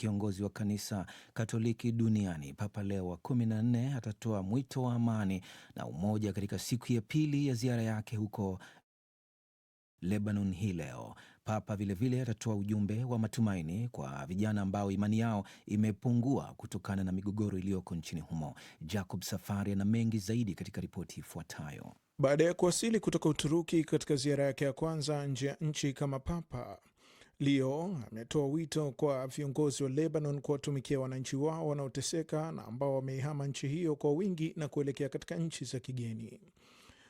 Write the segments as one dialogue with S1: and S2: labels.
S1: kiongozi wa kanisa Katoliki duniani Papa Leo wa kumi na nne atatoa mwito wa amani na umoja katika siku ya pili ya ziara yake huko Lebanon hii leo. Papa vilevile vile atatoa ujumbe wa matumaini kwa vijana ambao imani yao imepungua kutokana na migogoro iliyoko nchini humo. Jacob Safari ana mengi zaidi katika ripoti ifuatayo.
S2: Baada ya kuwasili kutoka Uturuki katika ziara yake ya kwanza nje ya nchi kama papa Leo ametoa wito kwa viongozi wa Lebanon kuwatumikia wananchi wao wanaoteseka na ambao wameihama nchi hiyo kwa wingi na kuelekea katika nchi za kigeni.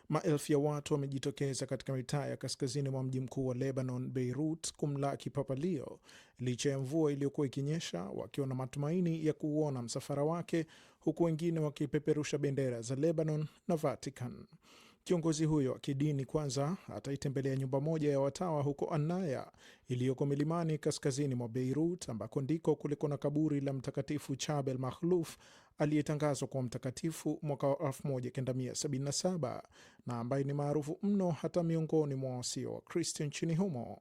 S2: Maelfu ya watu wamejitokeza katika mitaa ya kaskazini mwa mji mkuu wa Lebanon, Beirut, kumlaki Papa Leo licha ya mvua iliyokuwa ikinyesha, wakiwa na matumaini ya kuuona msafara wake, huku wengine wakipeperusha bendera za Lebanon na Vatican. Kiongozi huyo wa kidini kwanza ataitembelea nyumba moja ya watawa huko Anaya iliyoko milimani kaskazini mwa Beirut, ambako ndiko kuliko na kaburi la Mtakatifu Chabel Makhluf aliyetangazwa kuwa mtakatifu mwaka wa 1977 na ambaye ni maarufu mno hata miongoni mwa wasio wa Kristo nchini humo.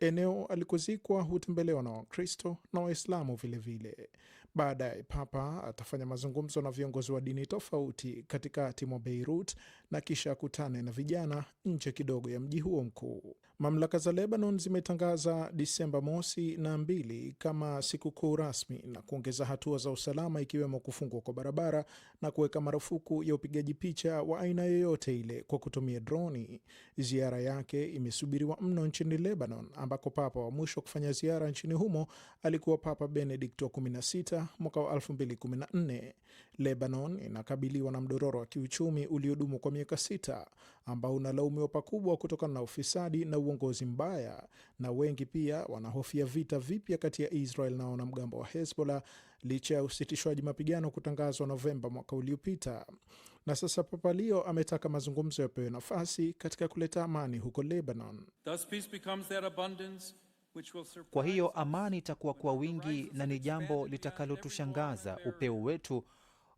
S2: Eneo alikozikwa hutembelewa na Wakristo na Waislamu vilevile. Baadaye Papa atafanya mazungumzo na viongozi wa dini tofauti katikati mwa Beirut na kisha akutane na vijana nje kidogo ya mji huo mkuu. Mamlaka za Lebanon zimetangaza Disemba mosi na mbili kama sikukuu rasmi na kuongeza hatua za usalama ikiwemo kufungwa kwa barabara na kuweka marufuku ya upigaji picha wa aina yoyote ile kwa kutumia droni. Ziara yake imesubiriwa mno nchini Lebanon, ambako papa wa mwisho kufanya ziara nchini humo alikuwa Papa Benedikt wa 16 mwaka wa 2014. Lebanon inakabiliwa na mdororo wa kiuchumi uliodumu kwa miaka sita ambao unalaumiwa pakubwa kutokana na ufisadi na uongozi mbaya, na wengi pia wanahofia vita vipya kati ya Israel na wanamgambo wa Hezbollah licha ya usitishwaji mapigano kutangazwa Novemba mwaka uliopita. Na sasa Papa Leo ametaka mazungumzo yapewe nafasi katika kuleta amani huko Lebanon.
S3: Kwa hiyo amani itakuwa kwa wingi na ni jambo litakalotushangaza upeo wetu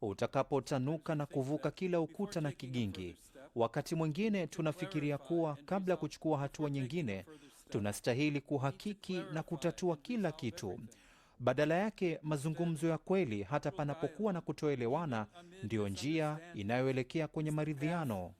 S3: utakapotanuka na kuvuka kila ukuta na kigingi. Wakati mwingine tunafikiria kuwa kabla ya kuchukua hatua nyingine, tunastahili kuhakiki na kutatua kila kitu. Badala yake, mazungumzo ya kweli, hata panapokuwa na kutoelewana, ndiyo njia inayoelekea kwenye maridhiano.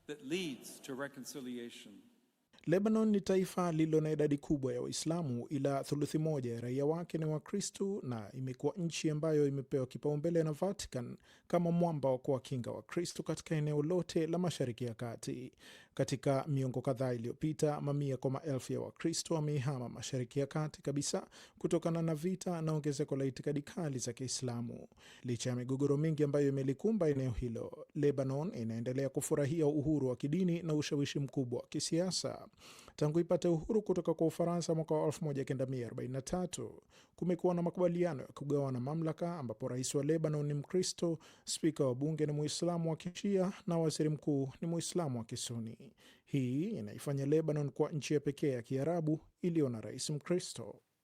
S2: Lebanon ni taifa lililo na idadi kubwa ya Waislamu, ila thuluthi moja ya raia wake ni Wakristu na imekuwa nchi ambayo imepewa kipaumbele na Vatican kama mwamba wa kuwakinga Wakristu katika eneo lote la Mashariki ya Kati. Katika miongo kadhaa iliyopita, mamia kwa maelfu ya Wakristu wameihama Mashariki ya Kati kabisa kutokana na vita na ongezeko la itikadi kali za Kiislamu. Licha ya migogoro mingi ambayo imelikumba eneo hilo, Lebanon inaendelea kufurahia uhuru wa kidini na ushawishi mkubwa wa kisiasa. Tangu ipate uhuru kutoka kwa Ufaransa mwaka wa 1943 kumekuwa na makubaliano ya kugawana mamlaka, ambapo rais wa Lebanon ni Mkristo, spika wa bunge ni Muislamu wa Kishia na waziri mkuu ni Muislamu wa Kisuni. Hii inaifanya Lebanon kuwa nchi ya pekee ya Kiarabu iliyo na rais Mkristo.